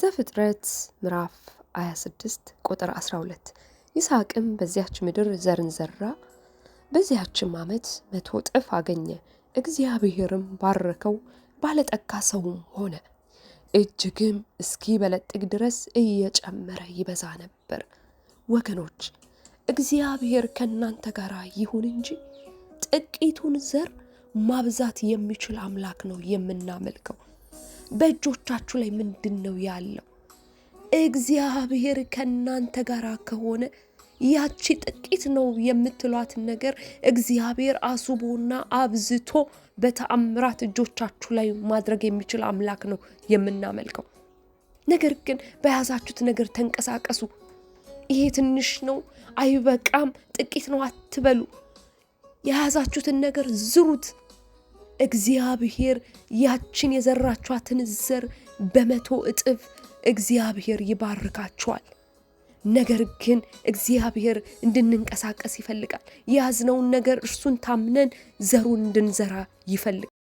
ዘፍጥረት ምዕራፍ 26 ቁጥር 12 ይስሐቅም በዚያች ምድር ዘርን ዘራ፣ በዚያችም ዓመት መቶ ጥፍ አገኘ። እግዚአብሔርም ባረከው፣ ባለጠጋ ሰውም ሆነ። እጅግም እስኪበለጥግ ድረስ እየጨመረ ይበዛ ነበር። ወገኖች እግዚአብሔር ከእናንተ ጋር ይሁን እንጂ ጥቂቱን ዘር ማብዛት የሚችል አምላክ ነው የምናመልከው። በእጆቻችሁ ላይ ምንድን ነው ያለው? እግዚአብሔር ከእናንተ ጋር ከሆነ ያቺ ጥቂት ነው የምትሏት ነገር እግዚአብሔር አስቦና አብዝቶ በተአምራት እጆቻችሁ ላይ ማድረግ የሚችል አምላክ ነው የምናመልከው። ነገር ግን በያዛችሁት ነገር ተንቀሳቀሱ። ይሄ ትንሽ ነው፣ አይበቃም፣ ጥቂት ነው አትበሉ። የያዛችሁትን ነገር ዝሩት። እግዚአብሔር ያችን የዘራችኋትን ዘር በመቶ እጥፍ እግዚአብሔር ይባርካችኋል። ነገር ግን እግዚአብሔር እንድንንቀሳቀስ ይፈልጋል። የያዝነውን ነገር እርሱን ታምነን ዘሩን እንድንዘራ ይፈልጋል።